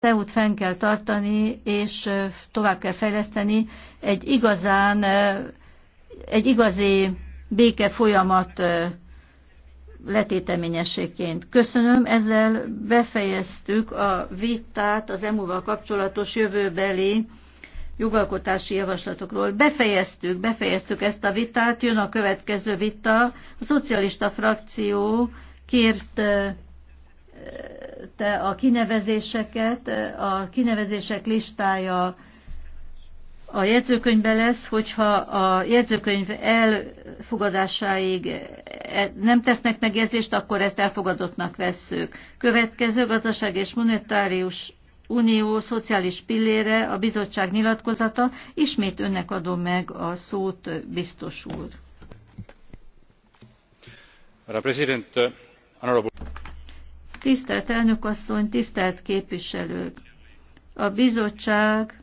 EU-t fenn kell tartani, és tovább kell fejleszteni egy igazán, egy igazi béke folyamat letéteményességként. Köszönöm, ezzel befejeztük a vitát az EMU-val kapcsolatos jövőbeli jogalkotási javaslatokról. Befejeztük, befejeztük ezt a vitát, jön a következő vita. A szocialista frakció kért te a kinevezéseket, a kinevezések listája a jegyzőkönyvben lesz, hogyha a jegyzőkönyv elfogadásáig e- nem tesznek megjegyzést, akkor ezt elfogadottnak vesszük. Következő gazdaság és monetárius unió szociális pillére a bizottság nyilatkozata. Ismét önnek adom meg a szót, biztos úr. Herr Präsident, honorable Tisztelt elnökasszony, tisztelt képviselők! A bizottság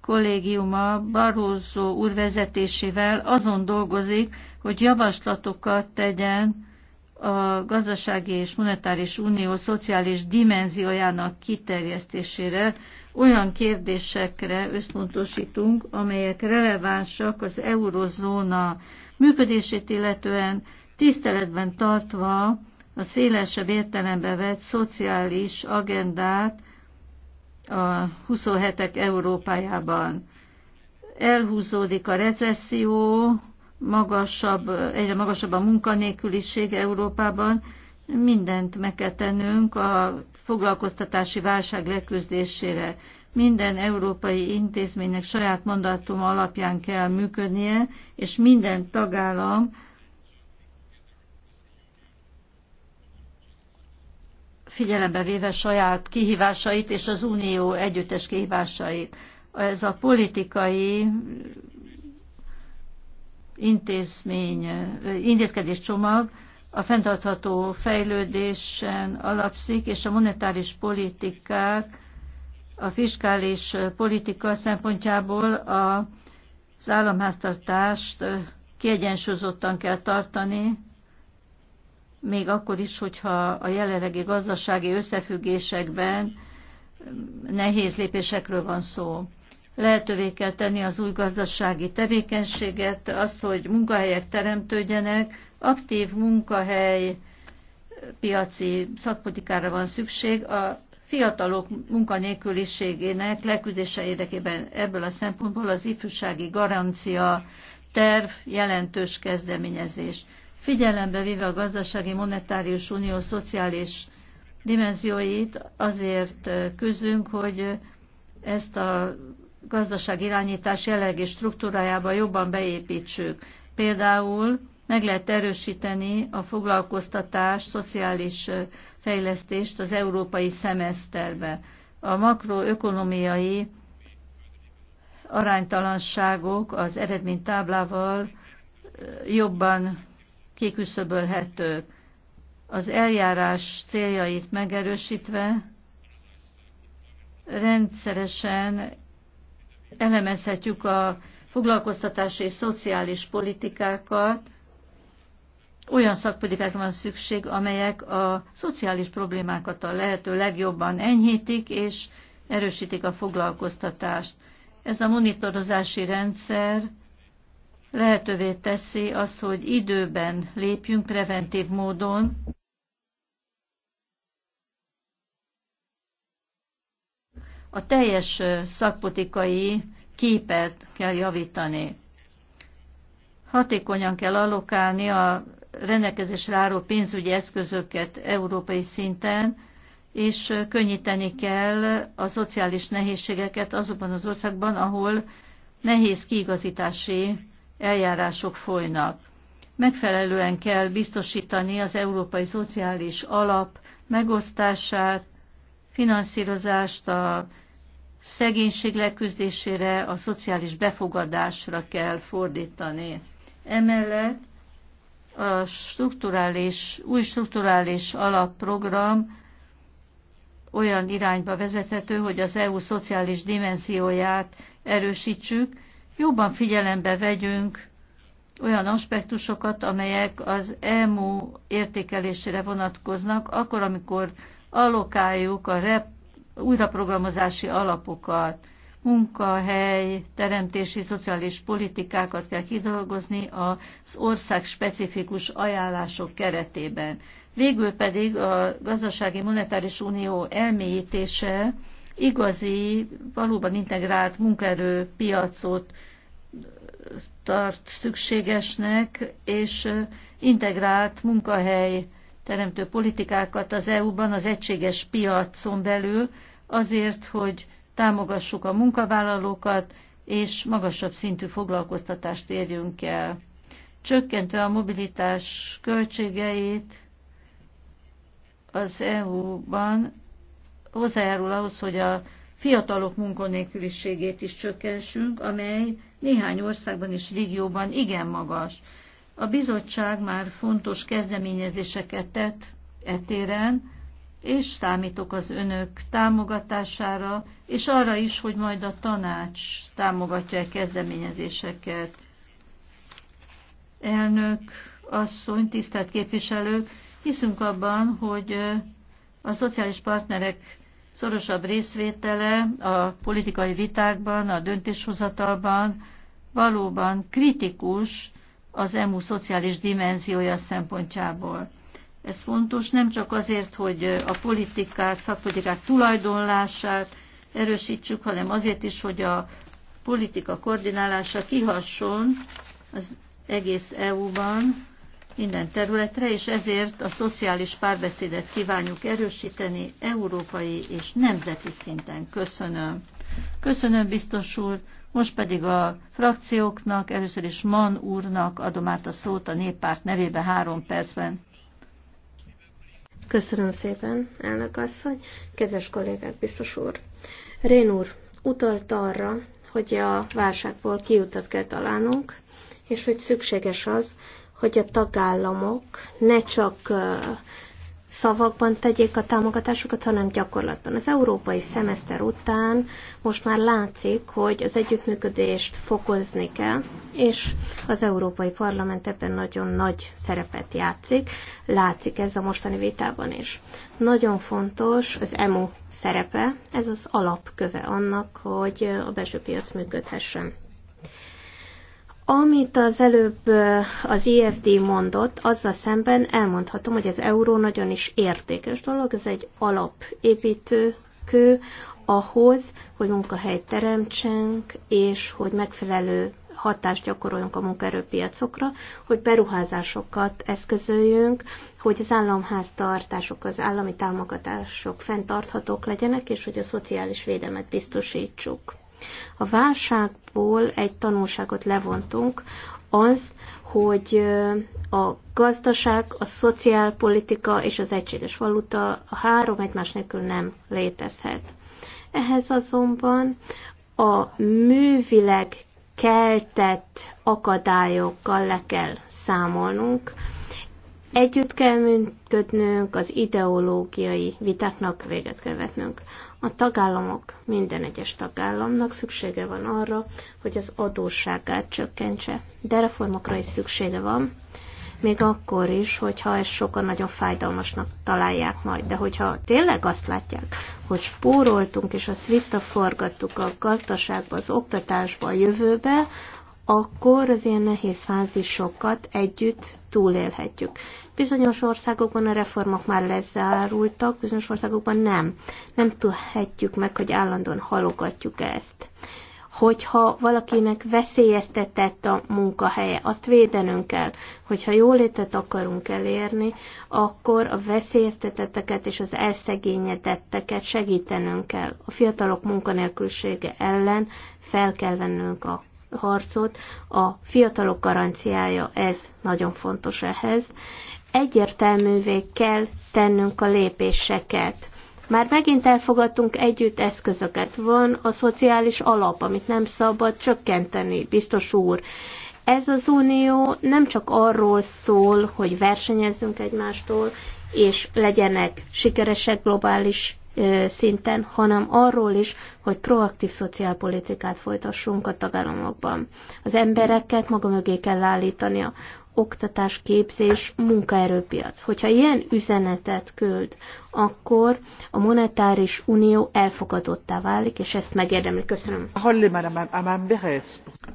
kollégiuma Barroso úr vezetésével azon dolgozik, hogy javaslatokat tegyen a gazdasági és monetáris unió szociális dimenziójának kiterjesztésére olyan kérdésekre összpontosítunk, amelyek relevánsak az eurozóna működését illetően, tiszteletben tartva a szélesebb értelembe vett szociális agendát a 27-ek Európájában. Elhúzódik a recesszió, magasabb, egyre magasabb a munkanélküliség Európában, mindent meg kell tennünk a foglalkoztatási válság leküzdésére. Minden európai intézménynek saját mandátum alapján kell működnie, és minden tagállam figyelembe véve saját kihívásait és az unió együttes kihívásait. Ez a politikai intézmény, intézkedés csomag a fenntartható fejlődésen alapszik, és a monetáris politikák, a fiskális politika szempontjából a, az államháztartást kiegyensúlyozottan kell tartani, még akkor is, hogyha a jelenlegi gazdasági összefüggésekben nehéz lépésekről van szó. Lehetővé kell tenni az új gazdasági tevékenységet, azt, hogy munkahelyek teremtődjenek, aktív munkahely piaci szakpolitikára van szükség, a fiatalok munkanélküliségének leküzdése érdekében ebből a szempontból az ifjúsági garancia terv jelentős kezdeményezés figyelembe véve a gazdasági monetárius unió szociális dimenzióit, azért küzdünk, hogy ezt a gazdaság irányítás jellegi struktúrájába jobban beépítsük. Például meg lehet erősíteni a foglalkoztatás, szociális fejlesztést az európai szemeszterbe. A makroökonomiai aránytalanságok az eredménytáblával jobban kiküszöbölhetők. Az eljárás céljait megerősítve rendszeresen elemezhetjük a foglalkoztatási és szociális politikákat, olyan szakpolitikák van szükség, amelyek a szociális problémákat a lehető legjobban enyhítik és erősítik a foglalkoztatást. Ez a monitorozási rendszer lehetővé teszi az, hogy időben lépjünk preventív módon, a teljes szakpolitikai képet kell javítani. Hatékonyan kell allokálni a rendelkezésre álló pénzügyi eszközöket európai szinten, és könnyíteni kell a szociális nehézségeket azokban az országban, ahol nehéz kiigazítási eljárások folynak. Megfelelően kell biztosítani az Európai Szociális Alap megosztását, finanszírozást a szegénység leküzdésére, a szociális befogadásra kell fordítani. Emellett a strukturális, új strukturális alapprogram olyan irányba vezethető, hogy az EU szociális dimenzióját erősítsük, jobban figyelembe vegyünk olyan aspektusokat, amelyek az EMU értékelésére vonatkoznak, akkor, amikor allokáljuk a rep, újraprogramozási alapokat, munkahely, teremtési, szociális politikákat kell kidolgozni az ország specifikus ajánlások keretében. Végül pedig a gazdasági monetáris unió elmélyítése igazi, valóban integrált munkaerőpiacot tart szükségesnek, és integrált munkahely teremtő politikákat az EU-ban, az egységes piacon belül, azért, hogy támogassuk a munkavállalókat, és magasabb szintű foglalkoztatást érjünk el. Csökkentve a mobilitás költségeit az EU-ban hozzájárul ahhoz, hogy a fiatalok munkanélküliségét is csökkentsünk, amely néhány országban és régióban igen magas. A bizottság már fontos kezdeményezéseket tett etéren, és számítok az önök támogatására, és arra is, hogy majd a tanács támogatja a kezdeményezéseket. Elnök, asszony, tisztelt képviselők, hiszünk abban, hogy a szociális partnerek szorosabb részvétele a politikai vitákban, a döntéshozatalban valóban kritikus az EMU szociális dimenziója szempontjából. Ez fontos nem csak azért, hogy a politikák, szakpolitikák tulajdonlását erősítsük, hanem azért is, hogy a politika koordinálása kihasson az egész EU-ban minden területre, és ezért a szociális párbeszédet kívánjuk erősíteni európai és nemzeti szinten. Köszönöm. Köszönöm, biztos úr. Most pedig a frakcióknak, először is Mann úrnak adom át a szót a néppárt nevébe három percben. Köszönöm szépen, elnök asszony, kedves kollégák, biztos úr. Rén úr utalta arra, hogy a válságból kiutat kell találnunk, és hogy szükséges az, hogy a tagállamok ne csak szavakban tegyék a támogatásukat, hanem gyakorlatban. Az európai szemeszter után most már látszik, hogy az együttműködést fokozni kell, és az Európai Parlament ebben nagyon nagy szerepet játszik. Látszik ez a mostani vitában is. Nagyon fontos az EMU szerepe, ez az alapköve annak, hogy a belső piac működhessen. Amit az előbb az IFD mondott, azzal szemben elmondhatom, hogy az euró nagyon is értékes dolog, ez egy alapépítő ahhoz, hogy munkahelyt teremtsenk és hogy megfelelő hatást gyakoroljunk a munkaerőpiacokra, hogy beruházásokat eszközöljünk, hogy az államháztartások, az állami támogatások fenntarthatók legyenek, és hogy a szociális védelmet biztosítsuk. A válságból egy tanulságot levontunk, az, hogy a gazdaság, a szociálpolitika és az egységes valuta a három egymás nélkül nem létezhet. Ehhez azonban a művileg keltett akadályokkal le kell számolnunk. Együtt kell működnünk, az ideológiai vitáknak véget kell vetnünk. A tagállamok, minden egyes tagállamnak szüksége van arra, hogy az adósságát csökkentse, de reformokra is szüksége van, még akkor is, hogyha ezt sokan nagyon fájdalmasnak találják majd. De hogyha tényleg azt látják, hogy spóroltunk, és azt visszaforgattuk a gazdaságba, az oktatásba, a jövőbe, akkor az ilyen nehéz fázisokat együtt túlélhetjük. Bizonyos országokban a reformok már lezárultak, bizonyos országokban nem. Nem tudhatjuk meg, hogy állandóan halogatjuk ezt. Hogyha valakinek veszélyeztetett a munkahelye, azt védenünk kell. Hogyha jólétet akarunk elérni, akkor a veszélyeztetetteket és az elszegényedetteket segítenünk kell. A fiatalok munkanélkülsége ellen fel kell vennünk a harcot, a fiatalok garanciája, ez nagyon fontos ehhez. Egyértelművé kell tennünk a lépéseket. Már megint elfogadtunk együtt eszközöket. Van a szociális alap, amit nem szabad csökkenteni, biztos úr. Ez az unió nem csak arról szól, hogy versenyezzünk egymástól, és legyenek sikeresek globális szinten, hanem arról is, hogy proaktív szociálpolitikát folytassunk a tagállamokban. Az embereket maga mögé kell állítania. Oktatás, képzés, munkaerőpiac. Hogyha ilyen üzenetet küld, akkor a monetáris unió elfogadottá válik, és ezt megérdemli. Köszönöm.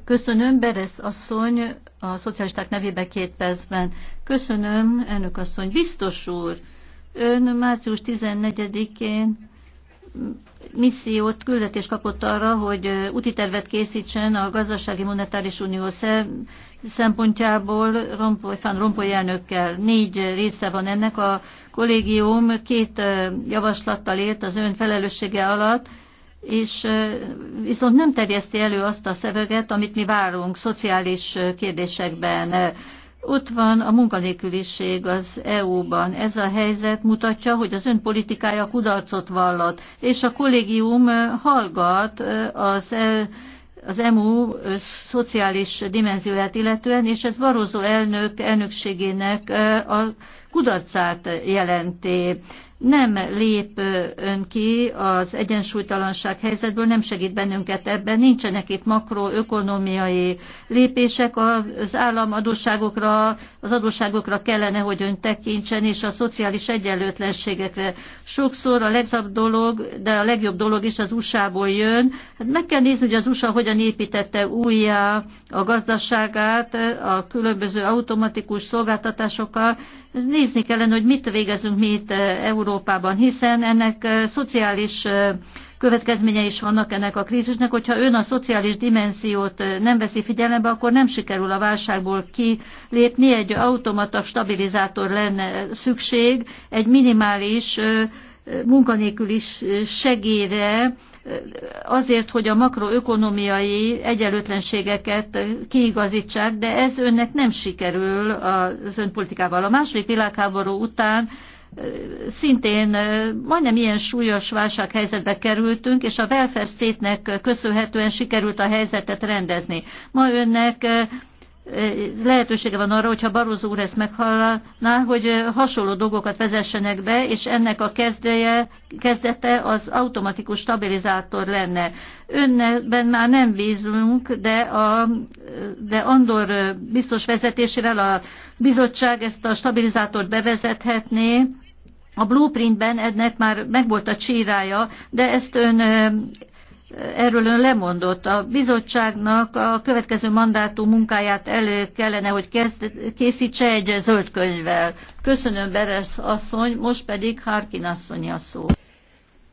Köszönöm, Beres asszony, a szocialisták nevében két percben. Köszönöm, elnök asszony. Biztos úr, Ön március 14-én missziót, küldetést kapott arra, hogy úti tervet készítsen a Gazdasági Monetáris Unió szempontjából Rompoly, Rompoly elnökkel. Négy része van ennek. A kollégium két javaslattal élt az ön felelőssége alatt, és viszont nem terjeszti elő azt a szöveget, amit mi várunk szociális kérdésekben, ott van a munkanélküliség az EU-ban. Ez a helyzet mutatja, hogy az ön politikája kudarcot vallott, és a kollégium hallgat az e- az EMU szociális dimenzióját illetően, és ez Barozó elnök elnökségének a kudarcát jelenti nem lép ön ki az egyensúlytalanság helyzetből, nem segít bennünket ebben, nincsenek itt makroökonomiai lépések, az állam adósságokra, az adósságokra kellene, hogy ön tekintsen, és a szociális egyenlőtlenségekre. Sokszor a legszebb dolog, de a legjobb dolog is az USA-ból jön. Hát meg kell nézni, hogy az USA hogyan építette újjá a gazdaságát a különböző automatikus szolgáltatásokkal. Nézni kellene, hogy mit végezünk mi itt eh, Európában Európában, hiszen ennek szociális következménye is vannak ennek a krízisnek. Hogyha ön a szociális dimenziót nem veszi figyelembe, akkor nem sikerül a válságból kilépni. Egy automata stabilizátor lenne szükség, egy minimális munkanélküli segélyre, azért, hogy a makroökonomiai egyenlőtlenségeket kiigazítsák, de ez önnek nem sikerül az önpolitikával. A második világháború után szintén majdnem ilyen súlyos válsághelyzetbe kerültünk, és a welfare state köszönhetően sikerült a helyzetet rendezni. Ma önnek lehetősége van arra, hogyha Barozó úr ezt meghallaná, hogy hasonló dolgokat vezessenek be, és ennek a kezdeje, kezdete az automatikus stabilizátor lenne. Önben már nem vízünk, de, a, de Andor biztos vezetésével a bizottság ezt a stabilizátort bevezethetné, a blueprintben ennek már megvolt a csírája, de ezt ön erről ön lemondott. A bizottságnak a következő mandátum munkáját elő kellene, hogy kezd, készítse egy zöld könyvvel. Köszönöm, Beres asszony, most pedig Harkin asszony a szó.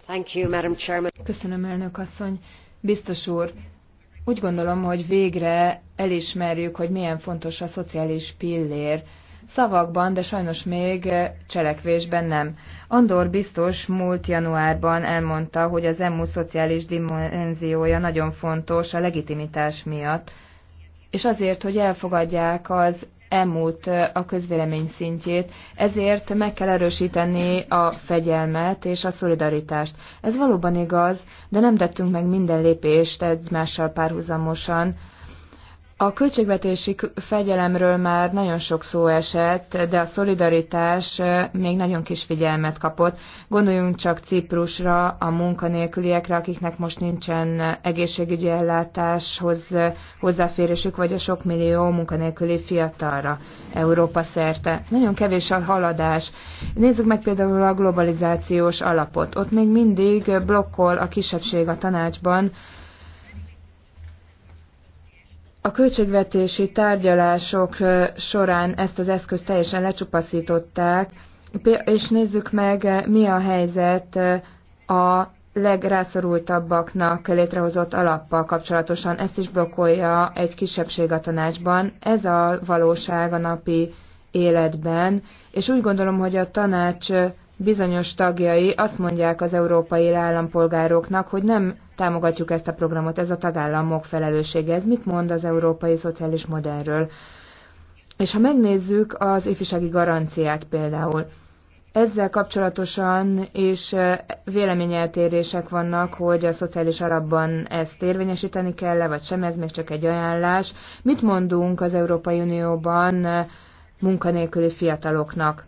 Thank you, Madam Chairman. Köszönöm, elnök asszony. Biztos úr, úgy gondolom, hogy végre elismerjük, hogy milyen fontos a szociális pillér Szavakban, de sajnos még eh, cselekvésben nem. Andor biztos múlt januárban elmondta, hogy az EMU szociális dimenziója nagyon fontos a legitimitás miatt, és azért, hogy elfogadják az EMÚ-t eh, a közvélemény szintjét, ezért meg kell erősíteni a fegyelmet és a szolidaritást. Ez valóban igaz, de nem tettünk meg minden lépést egymással párhuzamosan a költségvetési fegyelemről már nagyon sok szó esett, de a szolidaritás még nagyon kis figyelmet kapott. Gondoljunk csak Ciprusra, a munkanélküliekre, akiknek most nincsen egészségügyi ellátáshoz hozzáférésük, vagy a sok millió munkanélküli fiatalra Európa szerte. Nagyon kevés a haladás. Nézzük meg például a globalizációs alapot. Ott még mindig blokkol a kisebbség a tanácsban, a költségvetési tárgyalások során ezt az eszközt teljesen lecsupaszították, és nézzük meg, mi a helyzet a legrászorultabbaknak létrehozott alappal kapcsolatosan. Ezt is blokkolja egy kisebbség a tanácsban. Ez a valóság a napi életben, és úgy gondolom, hogy a tanács bizonyos tagjai azt mondják az európai állampolgároknak, hogy nem támogatjuk ezt a programot, ez a tagállamok felelőssége. Ez mit mond az európai szociális modellről? És ha megnézzük az ifjúsági garanciát például, ezzel kapcsolatosan is véleményeltérések vannak, hogy a szociális alapban ezt érvényesíteni kell-e, vagy sem, ez még csak egy ajánlás. Mit mondunk az Európai Unióban munkanélküli fiataloknak?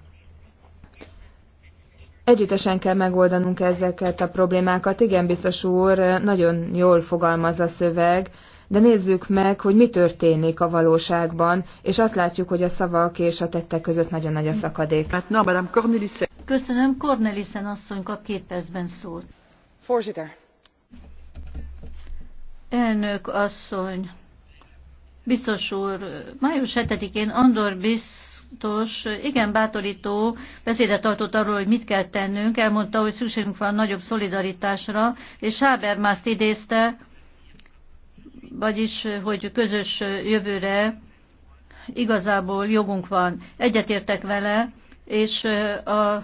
Együttesen kell megoldanunk ezeket a problémákat. Igen, biztos úr, nagyon jól fogalmaz a szöveg, de nézzük meg, hogy mi történik a valóságban, és azt látjuk, hogy a szavak és a tettek között nagyon nagy a szakadék. Köszönöm, Cornelissen asszony kap két percben szót. Voorzitter. Elnök asszony, biztos úr, május 7-én Andor biztos fontos, igen bátorító beszédet tartott arról, hogy mit kell tennünk, elmondta, hogy szükségünk van nagyobb szolidaritásra, és Habermaszt idézte, vagyis, hogy közös jövőre igazából jogunk van. Egyetértek vele, és a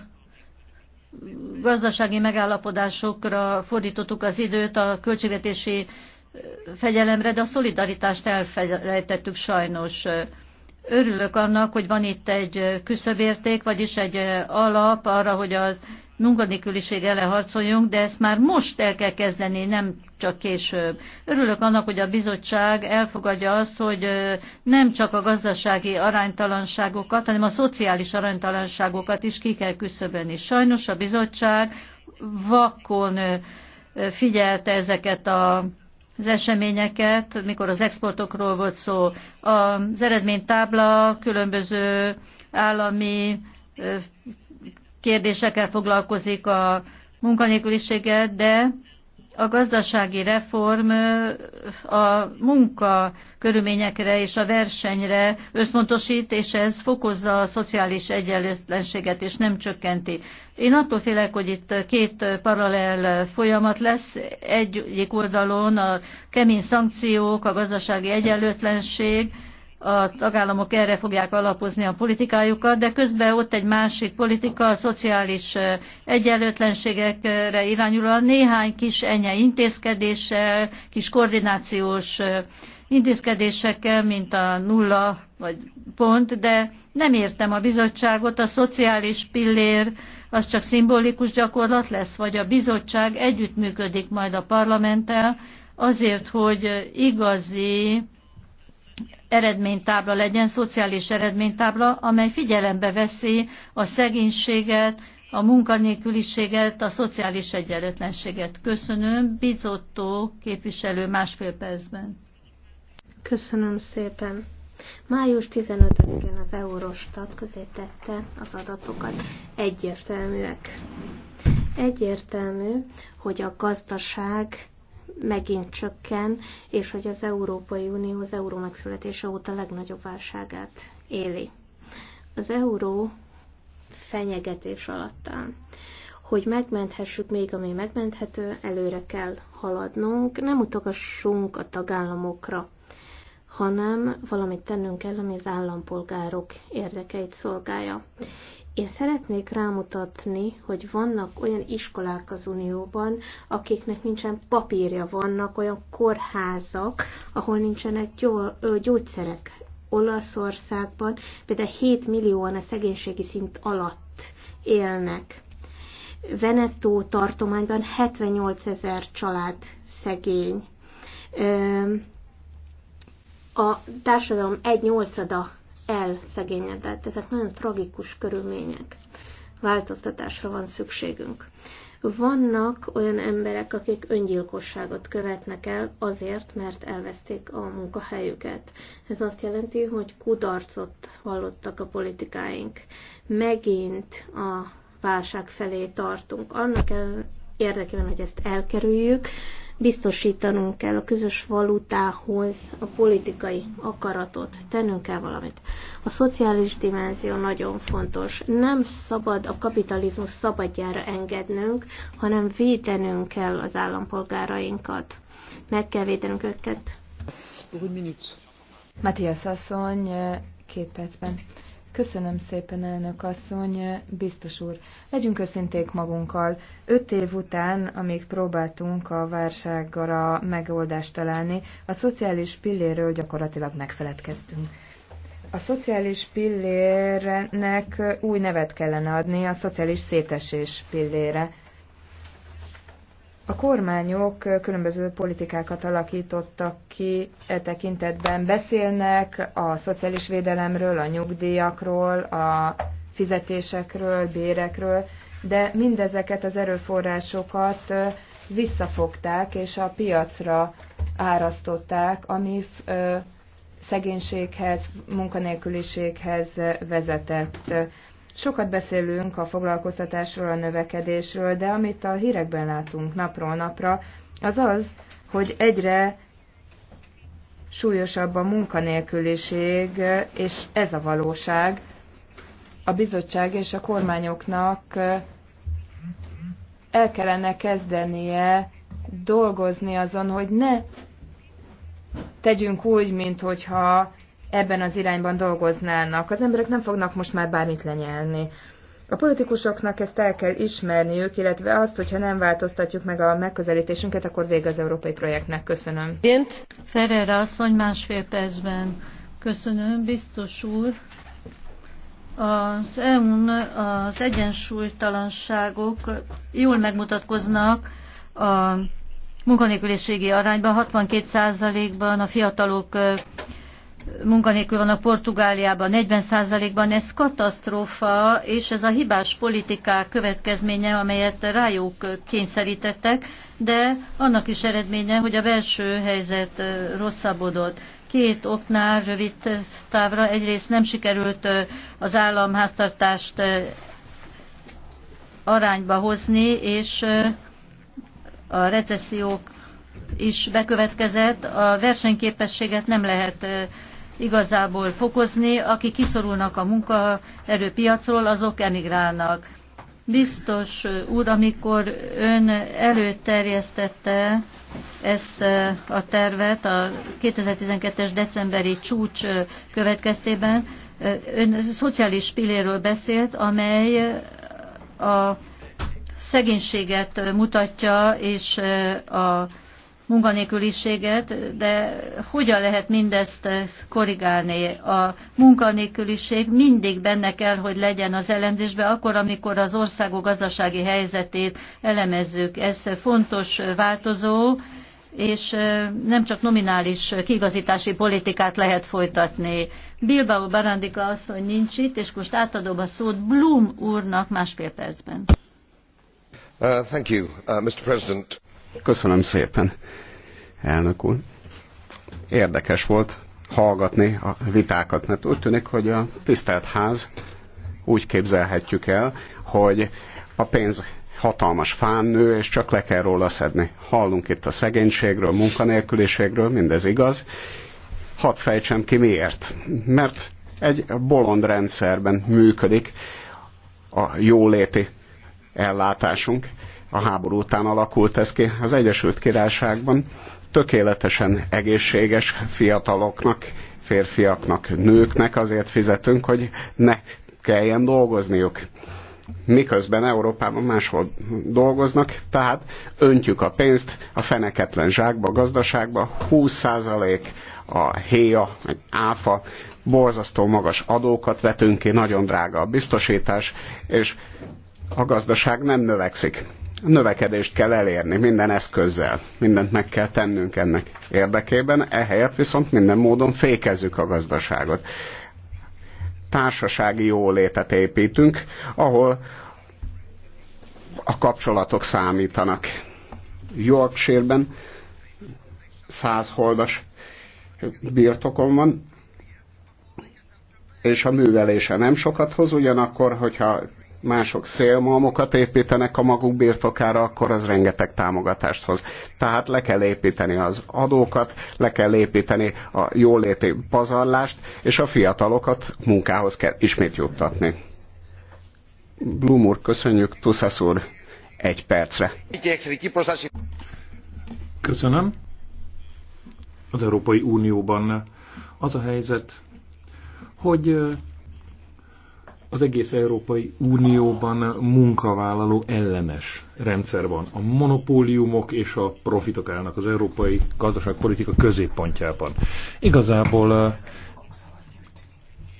gazdasági megállapodásokra fordítottuk az időt a költségvetési fegyelemre, de a szolidaritást elfelejtettük sajnos. Örülök annak, hogy van itt egy küszöbérték, vagyis egy alap arra, hogy az munkanélküliség ellen harcoljunk, de ezt már most el kell kezdeni, nem csak később. Örülök annak, hogy a bizottság elfogadja azt, hogy nem csak a gazdasági aránytalanságokat, hanem a szociális aránytalanságokat is ki kell küszöbölni. Sajnos a bizottság vakon figyelte ezeket a az eseményeket, mikor az exportokról volt szó. Az eredménytábla különböző állami kérdésekkel foglalkozik a munkanélküliséggel, de a gazdasági reform a munka körülményekre és a versenyre összpontosít, és ez fokozza a szociális egyenlőtlenséget, és nem csökkenti. Én attól félek, hogy itt két paralel folyamat lesz. Egyik oldalon a kemény szankciók, a gazdasági egyenlőtlenség, a tagállamok erre fogják alapozni a politikájukat, de közben ott egy másik politika, a szociális egyenlőtlenségekre irányul a néhány kis enyhe intézkedéssel, kis koordinációs intézkedésekkel, mint a nulla vagy pont, de nem értem a bizottságot, a szociális pillér az csak szimbolikus gyakorlat lesz, vagy a bizottság együttműködik majd a parlamenttel azért, hogy igazi eredménytábla legyen, szociális eredménytábla, amely figyelembe veszi a szegénységet, a munkanélküliséget, a szociális egyenlőtlenséget. Köszönöm. Bizottó képviselő másfél percben. Köszönöm szépen. Május 15-én az Eurostat közé tette az adatokat. Egyértelműek. Egyértelmű, hogy a gazdaság megint csökken, és hogy az Európai Unió az euró megszületése óta legnagyobb válságát éli. Az euró fenyegetés alatt áll, hogy megmenthessük még, ami megmenthető, előre kell haladnunk, nem utogassunk a tagállamokra, hanem valamit tennünk kell, ami az állampolgárok érdekeit szolgálja. Én szeretnék rámutatni, hogy vannak olyan iskolák az Unióban, akiknek nincsen papírja, vannak olyan kórházak, ahol nincsenek gyógyszerek. Olaszországban például 7 millióan a szegénységi szint alatt élnek. Veneto tartományban 78 ezer család szegény. A társadalom egy nyolcada elszegényedett. Ezek nagyon tragikus körülmények. Változtatásra van szükségünk. Vannak olyan emberek, akik öngyilkosságot követnek el azért, mert elveszték a munkahelyüket. Ez azt jelenti, hogy kudarcot hallottak a politikáink. Megint a válság felé tartunk. Annak érdekében, hogy ezt elkerüljük, Biztosítanunk kell a közös valutához a politikai akaratot, tennünk kell valamit. A szociális dimenzió nagyon fontos. Nem szabad a kapitalizmus szabadjára engednünk, hanem védenünk kell az állampolgárainkat. Meg kell védenünk őket. Matthias asszony, két percben. Köszönöm szépen, elnök asszony, biztos úr. Legyünk őszinték magunkkal. Öt év után, amíg próbáltunk a válságra megoldást találni, a szociális pilléről gyakorlatilag megfeledkeztünk. A szociális pillérnek új nevet kellene adni, a szociális szétesés pillére. A kormányok különböző politikákat alakítottak ki e tekintetben. Beszélnek a szociális védelemről, a nyugdíjakról, a fizetésekről, bérekről, de mindezeket az erőforrásokat visszafogták és a piacra árasztották, ami szegénységhez, munkanélküliséghez vezetett. Sokat beszélünk a foglalkoztatásról, a növekedésről, de amit a hírekben látunk napról napra, az az, hogy egyre súlyosabb a munkanélküliség, és ez a valóság. A bizottság és a kormányoknak el kellene kezdenie dolgozni azon, hogy ne tegyünk úgy, mint hogyha ebben az irányban dolgoznának. Az emberek nem fognak most már bármit lenyelni. A politikusoknak ezt el kell ismerniük, illetve azt, hogyha nem változtatjuk meg a megközelítésünket, akkor vége az európai projektnek. Köszönöm. Ferrer asszony másfél percben. Köszönöm, biztos úr. Az eu az egyensúlytalanságok jól megmutatkoznak a munkanélküliségi arányban, 62%-ban a fiatalok munkanélkül vannak Portugáliában 40%-ban, ez katasztrófa, és ez a hibás politikák következménye, amelyet rájuk kényszerítettek, de annak is eredménye, hogy a belső helyzet rosszabbodott. Két oknál rövid távra egyrészt nem sikerült az államháztartást arányba hozni, és a recessziók is bekövetkezett, a versenyképességet nem lehet igazából fokozni, akik kiszorulnak a munkaerőpiacról, azok emigrálnak. Biztos úr, amikor ön előterjesztette ezt a tervet a 2012-es decemberi csúcs következtében, ön szociális pilléről beszélt, amely a szegénységet mutatja és a munkanélküliséget, de hogyan lehet mindezt korrigálni? A munkanélküliség mindig benne kell, hogy legyen az elemzésbe, akkor, amikor az országok gazdasági helyzetét elemezzük. Ez fontos változó, és nem csak nominális kigazítási politikát lehet folytatni. Bilbao Barandika asszony nincs itt, és most átadom a szót Bloom úrnak másfél percben. Uh, thank you, uh, Mr. President. Köszönöm szépen, elnök úr. Érdekes volt hallgatni a vitákat, mert úgy tűnik, hogy a tisztelt ház úgy képzelhetjük el, hogy a pénz hatalmas fán nő, és csak le kell róla szedni. Hallunk itt a szegénységről, munkanélküliségről, mindez igaz. Hadd fejtsem ki miért. Mert egy bolond rendszerben működik a jóléti ellátásunk, a háború után alakult ez ki az Egyesült Királyságban, tökéletesen egészséges fiataloknak, férfiaknak, nőknek azért fizetünk, hogy ne kelljen dolgozniuk. Miközben Európában máshol dolgoznak, tehát öntjük a pénzt a feneketlen zsákba, a gazdaságba, 20% a héja, egy áfa, borzasztó magas adókat vetünk ki, nagyon drága a biztosítás, és a gazdaság nem növekszik növekedést kell elérni minden eszközzel, mindent meg kell tennünk ennek érdekében, ehelyett viszont minden módon fékezzük a gazdaságot. Társasági jólétet építünk, ahol a kapcsolatok számítanak. Yorkshire-ben százholdas birtokon van, és a művelése nem sokat hoz, ugyanakkor, hogyha mások szélmalmokat építenek a maguk birtokára, akkor az rengeteg támogatást hoz. Tehát le kell építeni az adókat, le kell építeni a jóléti pazarlást, és a fiatalokat munkához kell ismét juttatni. Blum úr, köszönjük, Tuszasz úr, egy percre. Köszönöm. Az Európai Unióban az a helyzet, hogy az egész Európai Unióban munkavállaló ellenes rendszer van. A monopóliumok és a profitok állnak az európai gazdaságpolitika középpontjában. Igazából eh,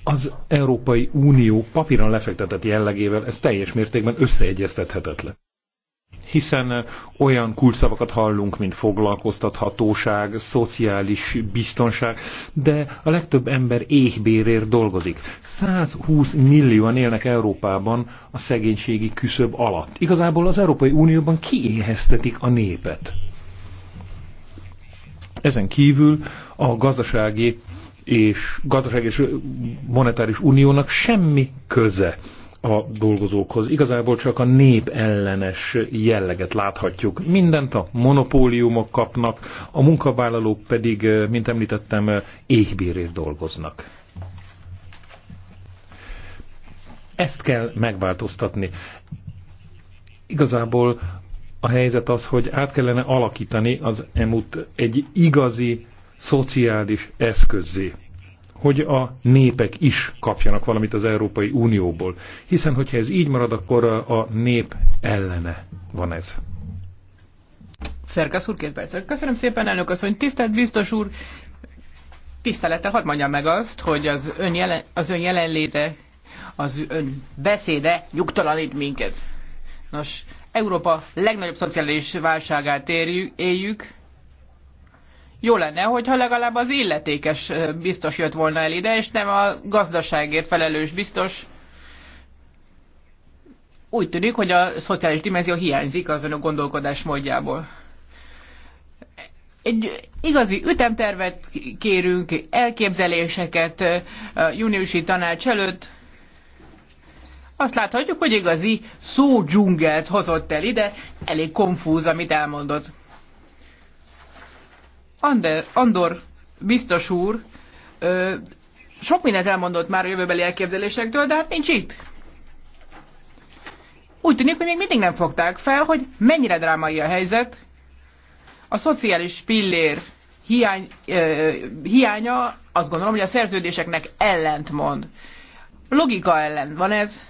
az Európai Unió papíron lefektetett jellegével ez teljes mértékben összeegyeztethetetlen hiszen olyan kulcsszavakat hallunk, mint foglalkoztathatóság, szociális biztonság, de a legtöbb ember éhbérért dolgozik. 120 millióan élnek Európában a szegénységi küszöb alatt. Igazából az Európai Unióban kiéheztetik a népet. Ezen kívül a gazdasági és gazdasági és monetáris uniónak semmi köze a dolgozókhoz. Igazából csak a ellenes jelleget láthatjuk. Mindent a monopóliumok kapnak, a munkavállalók pedig, mint említettem, éhbérért dolgoznak. Ezt kell megváltoztatni. Igazából a helyzet az, hogy át kellene alakítani az EMUT egy igazi szociális eszközzé hogy a népek is kapjanak valamit az Európai Unióból. Hiszen, hogyha ez így marad, akkor a nép ellene van ez. Ferkasz úr, két percet. Köszönöm szépen, elnök asszony. Tisztelt biztos úr, tisztelettel hadd mondjam meg azt, hogy az ön, jelen, az ön jelenléte, az ön beszéde nyugtalanít minket. Nos, Európa legnagyobb szociális válságát érjük, éljük, jó lenne, hogyha legalább az illetékes biztos jött volna el ide, és nem a gazdaságért felelős biztos. Úgy tűnik, hogy a szociális dimenzió hiányzik az önök gondolkodás módjából egy igazi ütemtervet kérünk, elképzeléseket a júniusi tanács előtt. Azt láthatjuk, hogy igazi dzsungelt hozott el ide, elég konfúz, amit elmondott. Ander, Andor biztos úr ö, sok mindent elmondott már a jövőbeli elképzelésektől, de hát nincs itt. Úgy tűnik, hogy még mindig nem fogták fel, hogy mennyire drámai a helyzet. A szociális pillér hiány, ö, hiánya azt gondolom, hogy a szerződéseknek ellentmond. Logika ellen van ez.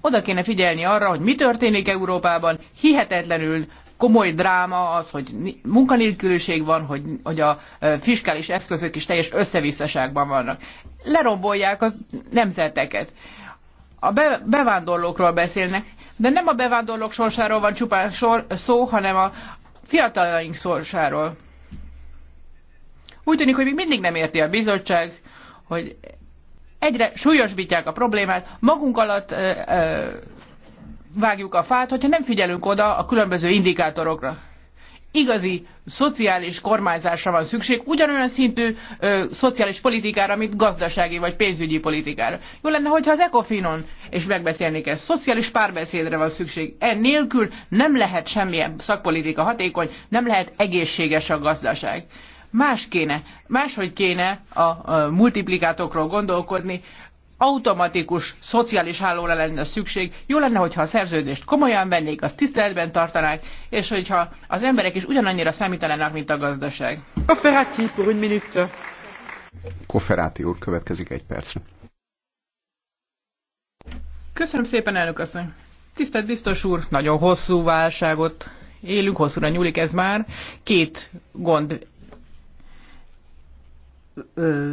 Oda kéne figyelni arra, hogy mi történik Európában. Hihetetlenül komoly dráma az, hogy munkanélküliség van, hogy, hogy a fiskális eszközök is teljes összevisszaságban vannak. Lerombolják a nemzeteket. A be, bevándorlókról beszélnek, de nem a bevándorlók sorsáról van csupán sor, szó, hanem a fiatalaink sorsáról. Úgy tűnik, hogy még mindig nem érti a bizottság, hogy egyre súlyosbítják a problémát, magunk alatt ö, ö, vágjuk a fát, hogyha nem figyelünk oda a különböző indikátorokra. Igazi szociális kormányzásra van szükség, ugyanolyan szintű ö, szociális politikára, mint gazdasági vagy pénzügyi politikára. Jó lenne, hogyha az ECOFINON és megbeszélnék ezt. Szociális párbeszédre van szükség. Ennélkül nem lehet semmilyen szakpolitika hatékony, nem lehet egészséges a gazdaság más kéne, máshogy kéne a, a multiplikátokról gondolkodni, automatikus szociális hálóra lenne szükség. Jó lenne, hogyha a szerződést komolyan vennék, azt tiszteletben tartanák, és hogyha az emberek is ugyanannyira számítanának, mint a gazdaság. Kofferáti, pour une minute. Kofferáti úr, következik egy percre. Köszönöm szépen, elnök asszony. Tisztelt biztos úr, nagyon hosszú válságot élünk, hosszúra nyúlik ez már. Két gond ö,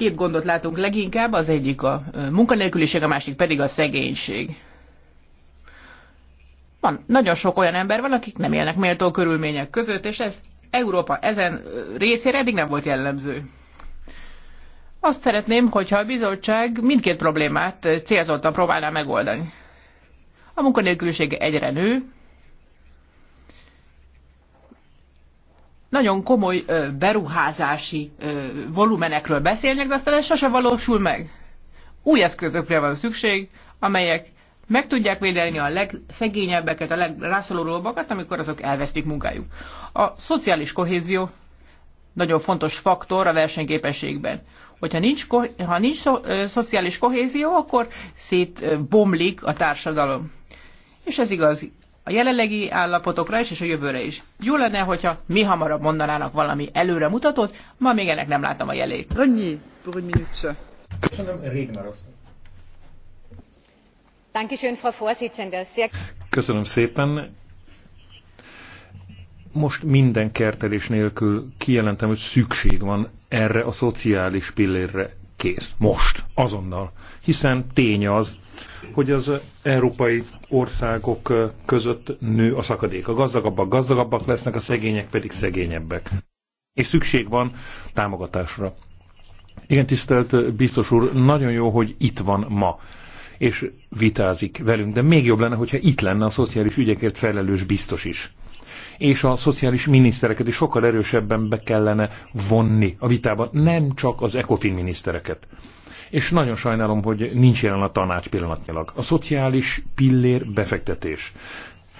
Két gondot látunk leginkább, az egyik a munkanélküliség, a másik pedig a szegénység. Van, nagyon sok olyan ember van, akik nem élnek méltó körülmények között, és ez Európa ezen részére eddig nem volt jellemző. Azt szeretném, hogyha a bizottság mindkét problémát célzottan próbálná megoldani. A munkanélküliség egyre nő, nagyon komoly beruházási volumenekről beszélnek, de aztán ez sose valósul meg. Új eszközökre van szükség, amelyek meg tudják védelni a legszegényebbeket, a legrászolóróbbakat, amikor azok elvesztik munkájuk. A szociális kohézió nagyon fontos faktor a versenyképességben. Hogyha nincs, ha nincs szo, szociális kohézió, akkor szétbomlik a társadalom. És ez igaz a jelenlegi állapotokra is, és a jövőre is. Jó lenne, hogyha mi hamarabb mondanának valami előre mutatót, ma még ennek nem látom a jelét. Annyi, pour une minute. Köszönöm, Vorsitzende. Köszönöm szépen. Most minden kertelés nélkül kijelentem, hogy szükség van erre a szociális pillérre kész, most, azonnal. Hiszen tény az, hogy az európai országok között nő a szakadék. A gazdagabbak gazdagabbak lesznek, a szegények pedig szegényebbek. És szükség van támogatásra. Igen, tisztelt biztos úr, nagyon jó, hogy itt van ma és vitázik velünk, de még jobb lenne, hogyha itt lenne a szociális ügyekért felelős biztos is és a szociális minisztereket is sokkal erősebben be kellene vonni a vitában, nem csak az ECOFIN minisztereket. És nagyon sajnálom, hogy nincs jelen a tanács pillanatnyilag. A szociális pillér befektetés.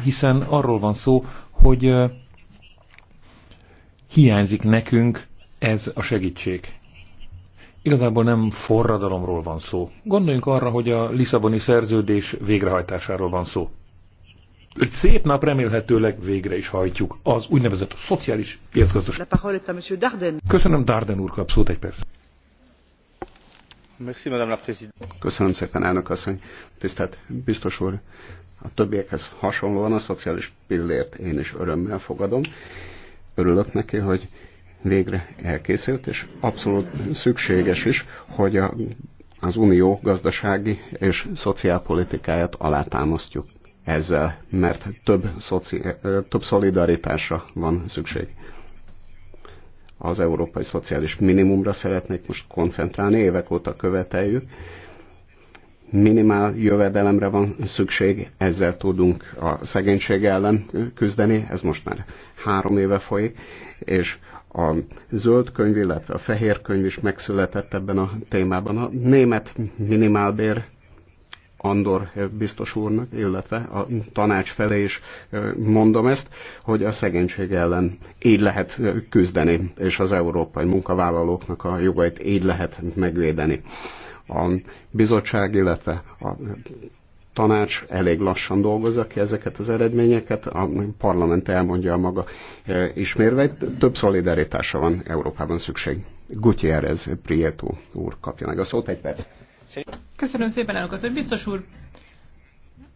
Hiszen arról van szó, hogy hiányzik nekünk ez a segítség. Igazából nem forradalomról van szó. Gondoljunk arra, hogy a Lisszaboni szerződés végrehajtásáról van szó egy szép nap remélhetőleg végre is hajtjuk az úgynevezett szociális piacgazdaság. Köszönöm, Darden úr kap szót egy perc. Köszönöm szépen, elnök asszony. Tisztelt biztos úr, a többiekhez hasonlóan a szociális pillért én is örömmel fogadom. Örülök neki, hogy végre elkészült, és abszolút szükséges is, hogy a, az unió gazdasági és szociálpolitikáját alátámasztjuk ezzel, mert több, szoci, több szolidaritásra van szükség. Az európai szociális minimumra szeretnék most koncentrálni, évek óta követeljük. Minimál jövedelemre van szükség, ezzel tudunk a szegénység ellen küzdeni, ez most már három éve folyik, és a zöld könyv, illetve a fehér könyv is megszületett ebben a témában. A német minimálbér Andor biztos úrnak, illetve a tanács felé is mondom ezt, hogy a szegénység ellen így lehet küzdeni, és az európai munkavállalóknak a jogait így lehet megvédeni. A bizottság, illetve a tanács elég lassan dolgozza ki ezeket az eredményeket, a parlament elmondja a maga ismérveit, több szolidaritása van Európában szükség. Gutierrez Prieto úr kapja meg a szót, egy perc. Köszönöm szépen, elnök asszony. Biztos úr,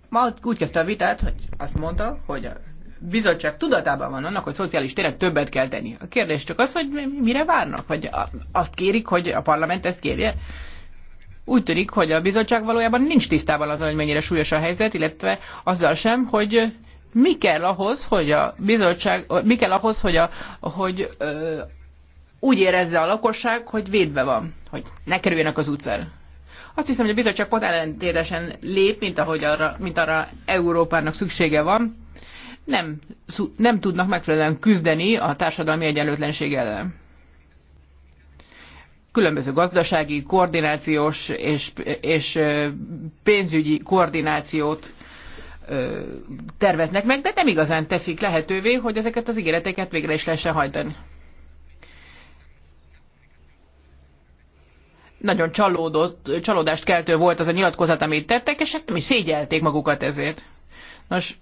ma úgy kezdte a vitát, hogy azt mondta, hogy a bizottság tudatában van annak, hogy szociális téren többet kell tenni. A kérdés csak az, hogy mire várnak, hogy azt kérik, hogy a parlament ezt kérje. Úgy tűnik, hogy a bizottság valójában nincs tisztában azon, hogy mennyire súlyos a helyzet, illetve azzal sem, hogy mi kell ahhoz, hogy a bizottság, mi kell ahhoz, hogy, a, hogy ö, úgy érezze a lakosság, hogy védve van, hogy ne kerüljenek az utcára. Azt hiszem, hogy a bizottság pont ellentétesen lép, mint, ahogy arra, mint arra Európának szüksége van. Nem, nem tudnak megfelelően küzdeni a társadalmi egyenlőtlenség ellen. Különböző gazdasági, koordinációs és, és pénzügyi koordinációt terveznek meg, de nem igazán teszik lehetővé, hogy ezeket az ígéreteket végre is lehessen hajtani. nagyon csalódott, csalódást keltő volt az a nyilatkozat, amit tettek, és hát nem is szégyelték magukat ezért. Nos,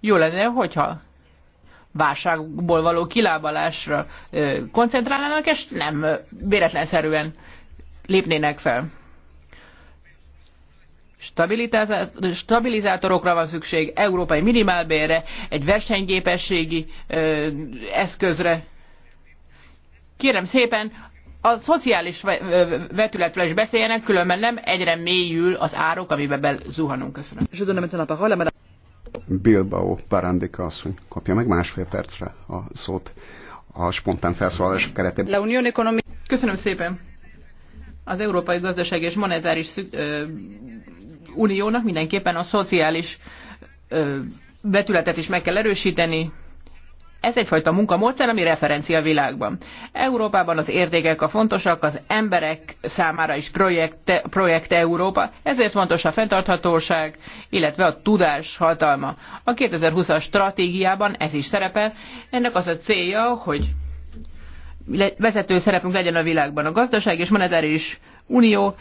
jó lenne, hogyha válságból való kilábalásra koncentrálnának, és nem véletlenszerűen lépnének fel. Stabilizátorokra van szükség, európai minimálbérre, egy versenyképességi eszközre. Kérem szépen, a szociális vetületről is beszéljenek, különben nem egyre mélyül az árok, amiben belzuhanunk. Köszönöm. Bilbao Barandika asszony kapja meg másfél percre a szót a spontán felszólalások keretében. La Unión Köszönöm szépen. Az Európai Gazdaság és Monetáris szü- ö, Uniónak mindenképpen a szociális ö, vetületet is meg kell erősíteni, ez egyfajta munkamódszer, ami referencia a világban. Európában az értékek a fontosak, az emberek számára is projekt, projekt Európa, ezért fontos a fenntarthatóság, illetve a tudás hatalma. A 2020-as stratégiában ez is szerepel. Ennek az a célja, hogy vezető szerepünk legyen a világban. A gazdaság és monetáris unió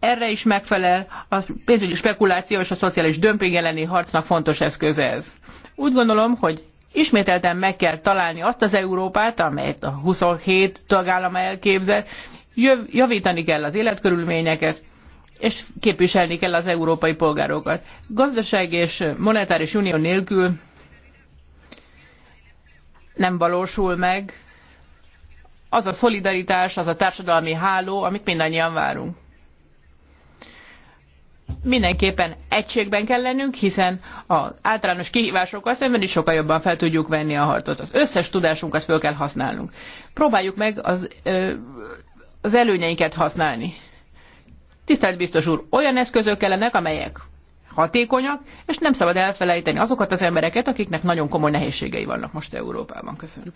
erre is megfelel, a pénzügyi spekuláció és a szociális dömping elleni harcnak fontos eszköze ez. Úgy gondolom, hogy Ismételten meg kell találni azt az Európát, amelyet a 27 tagállam elképzel, javítani kell az életkörülményeket, és képviselni kell az európai polgárokat. Gazdaság és monetáris unió nélkül nem valósul meg az a szolidaritás, az a társadalmi háló, amit mindannyian várunk mindenképpen egységben kell lennünk, hiszen az általános kihívásokkal szemben is sokkal jobban fel tudjuk venni a harcot. Az összes tudásunkat fel kell használnunk. Próbáljuk meg az, az előnyeinket használni. Tisztelt biztos úr, olyan eszközök kellenek, amelyek hatékonyak, és nem szabad elfelejteni azokat az embereket, akiknek nagyon komoly nehézségei vannak most Európában. Köszönöm.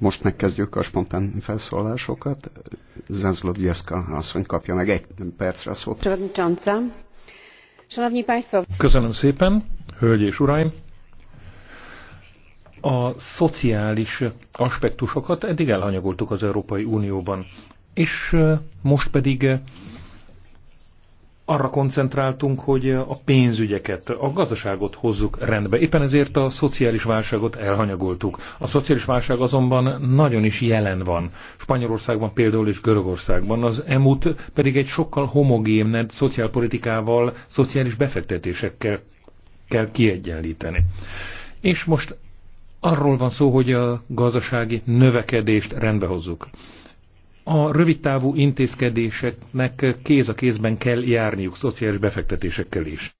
Most megkezdjük a spontán felszólásokat. Zenzlov Jeszka asszony kapja meg egy percre a szót. Köszönöm szépen, hölgy és uraim! A szociális aspektusokat eddig elhanyagoltuk az Európai Unióban, és eh, most pedig eh, arra koncentráltunk, hogy a pénzügyeket, a gazdaságot hozzuk rendbe. Éppen ezért a szociális válságot elhanyagoltuk. A szociális válság azonban nagyon is jelen van. Spanyolországban például és Görögországban. Az EMUT pedig egy sokkal homogénebb szociálpolitikával, szociális befektetésekkel kell kiegyenlíteni. És most arról van szó, hogy a gazdasági növekedést rendbe hozzuk a rövidtávú intézkedéseknek kéz a kézben kell járniuk szociális befektetésekkel is.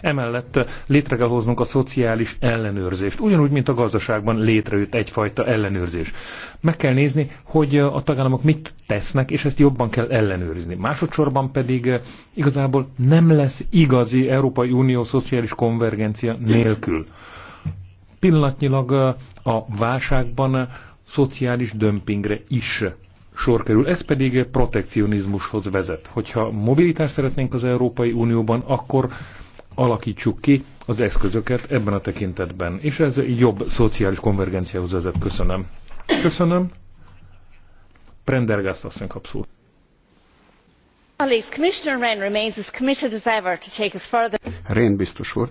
Emellett létre kell hoznunk a szociális ellenőrzést, ugyanúgy, mint a gazdaságban létrejött egyfajta ellenőrzés. Meg kell nézni, hogy a tagállamok mit tesznek, és ezt jobban kell ellenőrizni. Másodszorban pedig igazából nem lesz igazi Európai Unió szociális konvergencia nélkül. Pillanatnyilag a válságban szociális dömpingre is sor kerül. Ez pedig protekcionizmushoz vezet. Hogyha mobilitást szeretnénk az Európai Unióban, akkor alakítsuk ki az eszközöket ebben a tekintetben. És ez jobb szociális konvergenciához vezet. Köszönöm. Köszönöm. Prendergast asszony kap szót. Rén biztos úr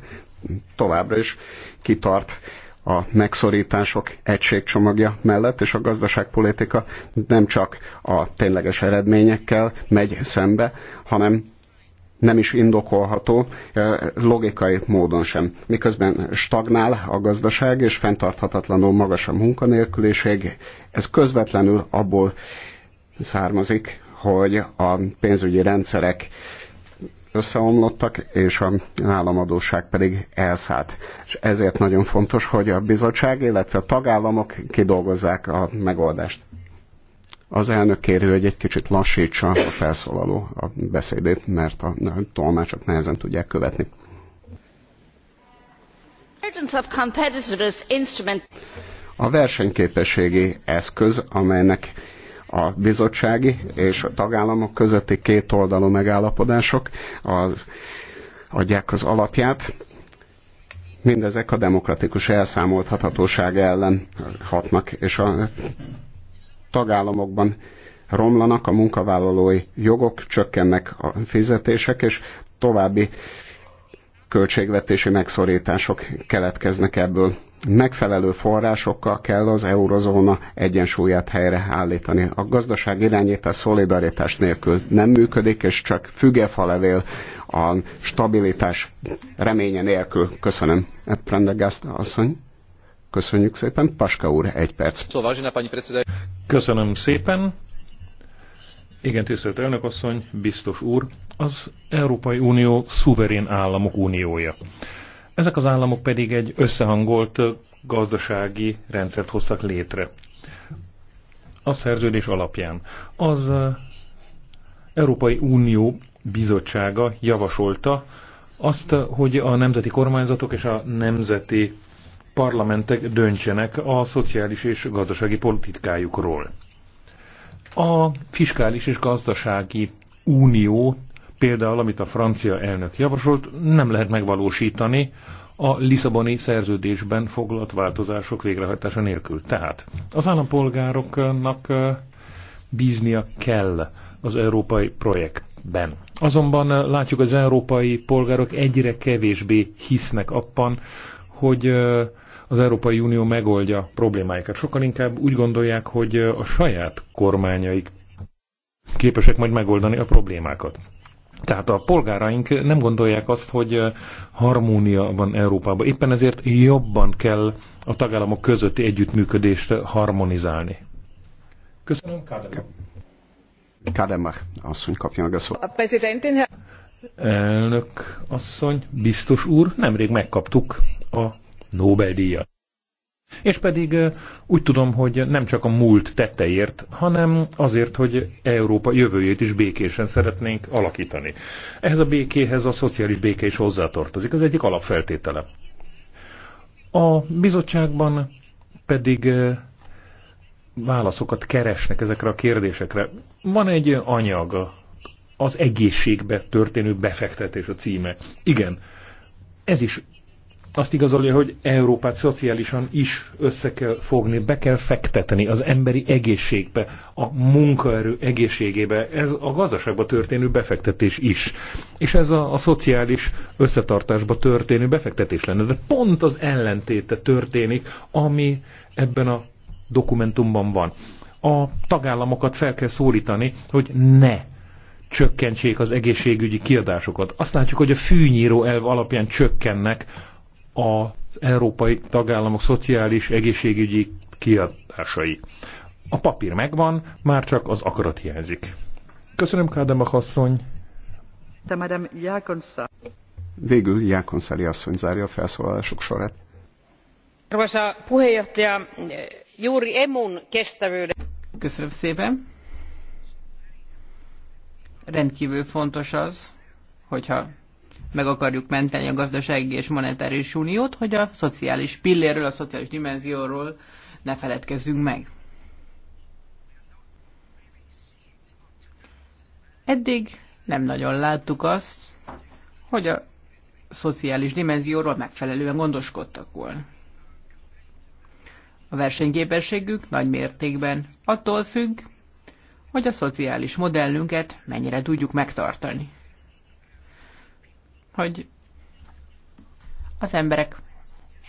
továbbra is kitart a megszorítások egységcsomagja mellett, és a gazdaságpolitika nem csak a tényleges eredményekkel megy szembe, hanem nem is indokolható eh, logikai módon sem. Miközben stagnál a gazdaság, és fenntarthatatlanul magas a munkanélküliség, ez közvetlenül abból származik, hogy a pénzügyi rendszerek összeomlottak, és a államadóság pedig elszállt. És ezért nagyon fontos, hogy a bizottság, illetve a tagállamok kidolgozzák a megoldást. Az elnök kérő, hogy egy kicsit lassítsa a felszólaló a beszédét, mert a tolmácsok nehezen tudják követni. A versenyképességi eszköz, amelynek a bizottsági és a tagállamok közötti kétoldalú megállapodások az, adják az alapját. Mindezek a demokratikus elszámolthatóság ellen hatnak, és a tagállamokban romlanak a munkavállalói jogok, csökkennek a fizetések, és további költségvetési megszorítások keletkeznek ebből megfelelő forrásokkal kell az eurozóna egyensúlyát helyreállítani. A gazdaság irányítás szolidaritás nélkül nem működik, és csak fügefalevél a stabilitás reménye nélkül. Köszönöm. Hát, Prendergast asszony. Köszönjük szépen. Paska úr, egy perc. Szóval, Köszönöm szépen. Igen, tisztelt elnök asszony, biztos úr. Az Európai Unió szuverén államok uniója. Ezek az államok pedig egy összehangolt gazdasági rendszert hoztak létre. A szerződés alapján az eh, Európai Unió bizottsága javasolta azt, eh, hogy a nemzeti kormányzatok és a nemzeti parlamentek döntsenek a szociális és gazdasági politikájukról. A fiskális és gazdasági unió Például, amit a francia elnök javasolt, nem lehet megvalósítani a Lisszaboni szerződésben foglalt változások végrehajtása nélkül. Tehát az állampolgároknak bíznia kell az európai projektben. Azonban látjuk, az európai polgárok egyre kevésbé hisznek abban, hogy az Európai Unió megoldja problémáikat. Sokan inkább úgy gondolják, hogy a saját kormányaik képesek majd megoldani a problémákat. Tehát a polgáraink nem gondolják azt, hogy eh, harmónia van Európában. Éppen ezért jobban kell a tagállamok közötti együttműködést harmonizálni. Köszönöm, Kádemach. Kádemach asszony kapja meg a szót. A prezidentin... Elnök asszony, biztos úr, nemrég megkaptuk a Nobel-díjat. És pedig úgy tudom, hogy nem csak a múlt tetteért, hanem azért, hogy Európa jövőjét is békésen szeretnénk alakítani. Ehhez a békéhez a szociális béke is hozzátartozik, az egyik alapfeltétele. A bizottságban pedig válaszokat keresnek ezekre a kérdésekre. Van egy anyag, az egészségbe történő befektetés a címe. Igen, ez is azt igazolja, hogy Európát szociálisan is össze kell fogni, be kell fektetni az emberi egészségbe, a munkaerő egészségébe. Ez a gazdaságba történő befektetés is. És ez a, a szociális összetartásba történő befektetés lenne. De pont az ellentéte történik, ami ebben a dokumentumban van. A tagállamokat fel kell szólítani, hogy ne csökkentsék az egészségügyi kiadásokat. Azt látjuk, hogy a fűnyíró elv alapján csökkennek az európai tagállamok szociális egészségügyi kiadásai. A papír megvan, már csak az akarat hiányzik. Köszönöm, a asszony. De Madame Jákonszá. Végül Jákonszári asszony zárja a felszólalások sorát. Arvoisa puheenjohtaja, juuri emun kestävyyden. Köszönöm szépen. Rendkívül fontos az, hogyha meg akarjuk menteni a gazdasági és monetáris uniót, hogy a szociális pillérről, a szociális dimenzióról ne feledkezzünk meg. Eddig nem nagyon láttuk azt, hogy a szociális dimenzióról megfelelően gondoskodtak volna. A versenyképességük nagy mértékben attól függ, hogy a szociális modellünket mennyire tudjuk megtartani hogy az emberek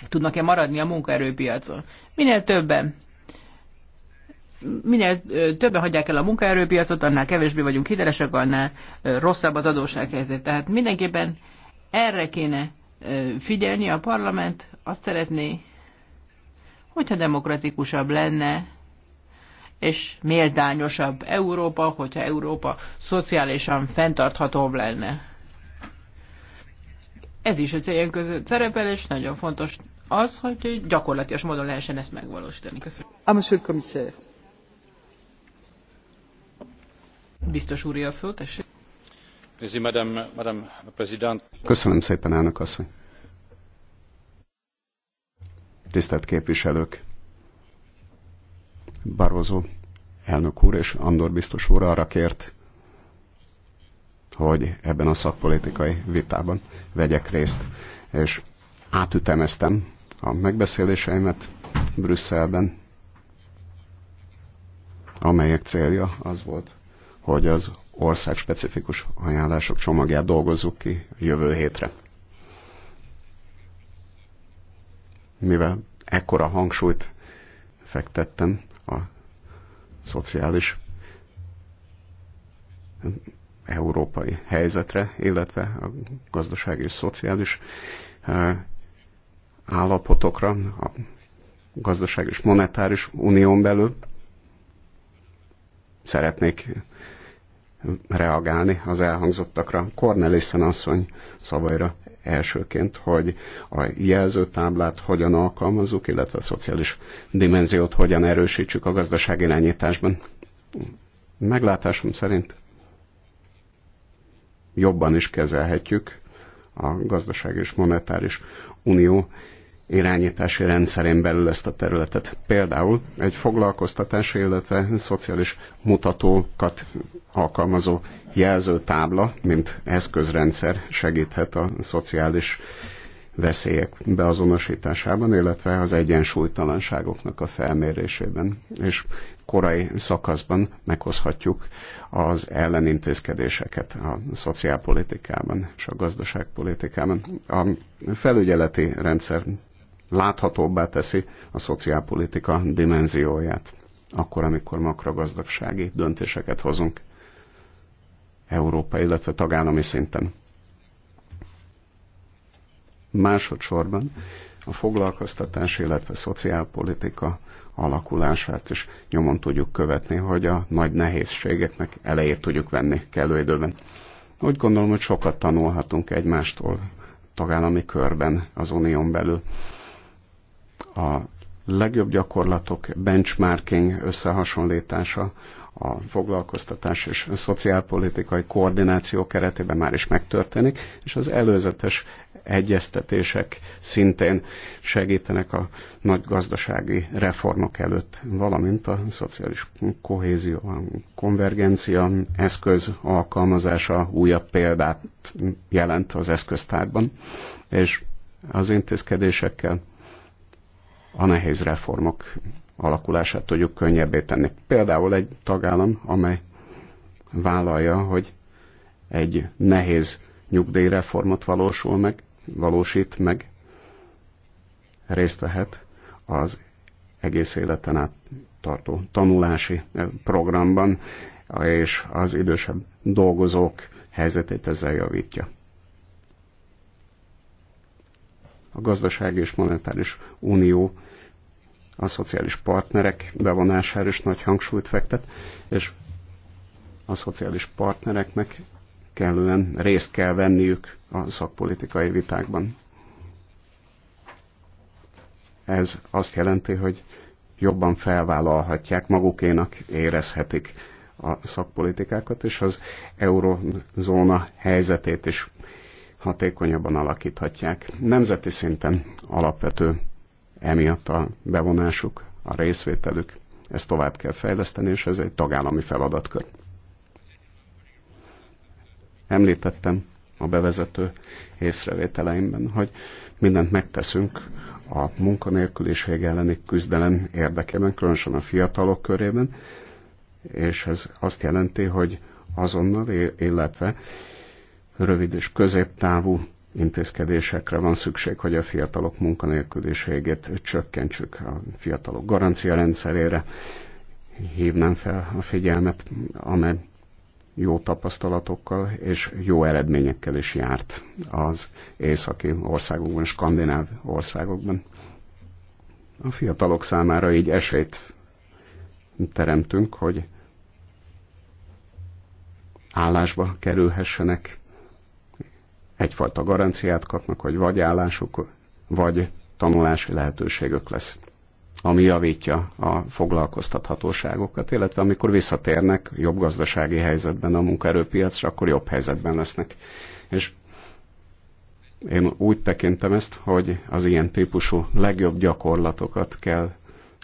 tudnak-e maradni a munkaerőpiacon. Minél többen minél többen hagyják el a munkaerőpiacot, annál kevésbé vagyunk hitelesek, annál rosszabb az adósághelyzet. Tehát mindenképpen erre kéne figyelni a parlament, azt szeretné, hogyha demokratikusabb lenne, és méltányosabb Európa, hogyha Európa szociálisan fenntarthatóbb lenne. Ez is a céljaink között szerepel, és nagyon fontos az, hogy gyakorlatilag módon lehessen ezt megvalósítani. Köszönöm. A ah, monsieur commissaire. Biztos úr, a szó, tessék. Köszönöm szépen, elnök asszony. Tisztelt képviselők! Barozó, elnök úr és Andor biztos úr arra kért hogy ebben a szakpolitikai vitában vegyek részt. És átütemeztem a megbeszéléseimet Brüsszelben, amelyek célja az volt, hogy az ország specifikus ajánlások csomagját dolgozzuk ki jövő hétre. Mivel ekkora hangsúlyt fektettem a szociális európai helyzetre, illetve a gazdasági és szociális állapotokra, a gazdaság és monetáris unión belül. Szeretnék reagálni az elhangzottakra. Cornelissen asszony szavaira elsőként, hogy a jelzőtáblát hogyan alkalmazzuk, illetve a szociális dimenziót hogyan erősítsük a gazdaság irányításban. Meglátásom szerint jobban is kezelhetjük a gazdaság és monetáris unió irányítási rendszerén belül ezt a területet. Például egy foglalkoztatási, illetve szociális mutatókat alkalmazó jelzőtábla, mint eszközrendszer segíthet a szociális veszélyek beazonosításában, illetve az egyensúlytalanságoknak a felmérésében. És korai szakaszban meghozhatjuk az ellenintézkedéseket a szociálpolitikában és a gazdaságpolitikában. A felügyeleti rendszer láthatóbbá teszi a szociálpolitika dimenzióját, akkor, amikor makrogazdasági döntéseket hozunk Európa, illetve tagállami szinten. Másodszorban a foglalkoztatás, illetve a szociálpolitika alakulását is nyomon tudjuk követni, hogy a nagy nehézségeknek elejét tudjuk venni kellő időben. Úgy gondolom, hogy sokat tanulhatunk egymástól tagállami körben az unión belül. A legjobb gyakorlatok benchmarking összehasonlítása a foglalkoztatás és a szociálpolitikai koordináció keretében már is megtörténik, és az előzetes egyeztetések szintén segítenek a nagy gazdasági reformok előtt, valamint a szociális kohézió, a konvergencia eszköz alkalmazása újabb példát jelent az eszköztárban, és az intézkedésekkel a nehéz reformok alakulását tudjuk könnyebbé tenni. Például egy tagállam, amely vállalja, hogy egy nehéz nyugdíjreformot valósul meg, valósít meg, részt vehet az egész életen át tartó tanulási eh, programban, és az idősebb dolgozók helyzetét ezzel javítja. A gazdasági és monetáris unió a szociális partnerek bevonására is nagy hangsúlyt fektet, és a szociális partnereknek kellően részt kell venniük a szakpolitikai vitákban. Ez azt jelenti, hogy jobban felvállalhatják, magukénak érezhetik a szakpolitikákat, és az eurozóna helyzetét is hatékonyabban alakíthatják. Nemzeti szinten alapvető emiatt a bevonásuk, a részvételük, ezt tovább kell fejleszteni, és ez egy tagállami feladatkör. Említettem a bevezető észrevételeimben, hogy mindent megteszünk a munkanélküliség elleni küzdelem érdekében, különösen a fiatalok körében, és ez azt jelenti, hogy azonnal, illetve rövid és középtávú intézkedésekre van szükség, hogy a fiatalok munkanélküliségét csökkentsük a fiatalok garancia rendszerére. Hívnám fel a figyelmet, amely jó tapasztalatokkal és jó eredményekkel is járt az északi országokban, skandináv országokban. A fiatalok számára így esélyt teremtünk, hogy állásba kerülhessenek, egyfajta garanciát kapnak, hogy vagy állásuk, vagy tanulási lehetőségük lesz ami javítja a foglalkoztathatóságokat, illetve amikor visszatérnek jobb gazdasági helyzetben a munkaerőpiacra, akkor jobb helyzetben lesznek. És én úgy tekintem ezt, hogy az ilyen típusú legjobb gyakorlatokat kell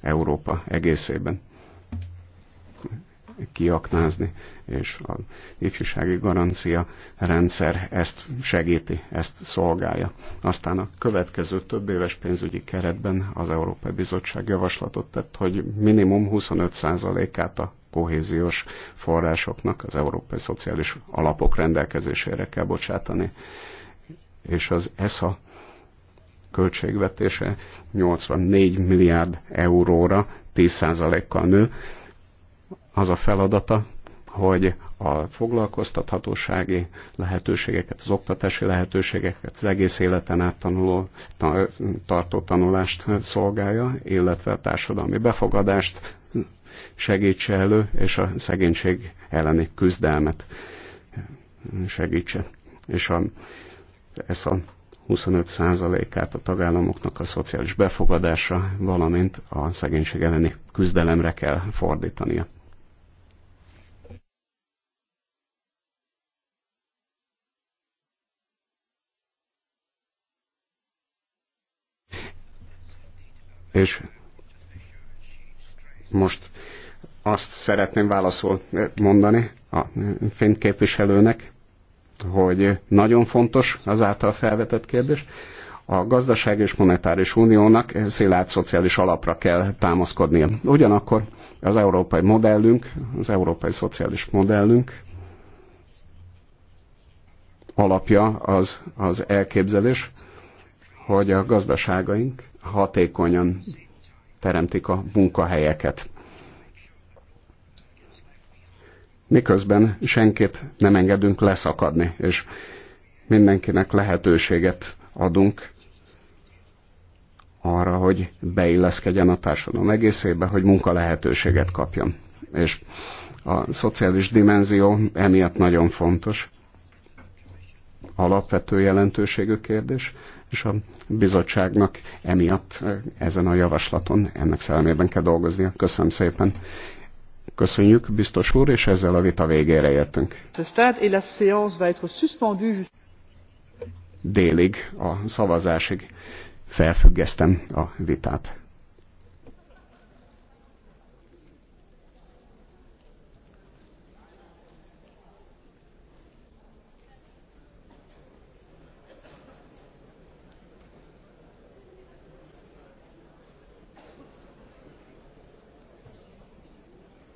Európa egészében kiaknázni, és a ifjúsági garancia rendszer ezt segíti, ezt szolgálja. Aztán a következő több éves pénzügyi keretben az Európai Bizottság javaslatot tett, hogy minimum 25%-át a kohéziós forrásoknak az Európai Szociális Alapok rendelkezésére kell bocsátani. És az ESA költségvetése 84 milliárd euróra 10%-kal nő, az a feladata, hogy a foglalkoztathatósági lehetőségeket, az oktatási lehetőségeket, az egész életen át tanuló, tartó tanulást szolgálja, illetve a társadalmi befogadást segítse elő, és a szegénység elleni küzdelmet segítse. És a, ez a 25%-át a tagállamoknak a szociális befogadása valamint a szegénység elleni küzdelemre kell fordítania És most azt szeretném válaszol mondani a fényképviselőnek, hogy nagyon fontos az által felvetett kérdés. A gazdaság és monetáris uniónak szilárd szociális alapra kell támaszkodnia. Ugyanakkor az európai modellünk, az európai szociális modellünk alapja az, az elképzelés, hogy a gazdaságaink hatékonyan teremtik a munkahelyeket. Miközben senkit nem engedünk leszakadni, és mindenkinek lehetőséget adunk arra, hogy beilleszkedjen a társadalom egészébe, hogy munka lehetőséget kapjon. És a szociális dimenzió emiatt nagyon fontos, alapvető jelentőségű kérdés, és a bizottságnak emiatt ezen a javaslaton ennek szellemében kell dolgoznia. Köszönöm szépen. Köszönjük, biztos úr, és ezzel a vita végére értünk. Délig, a szavazásig felfüggesztem a vitát.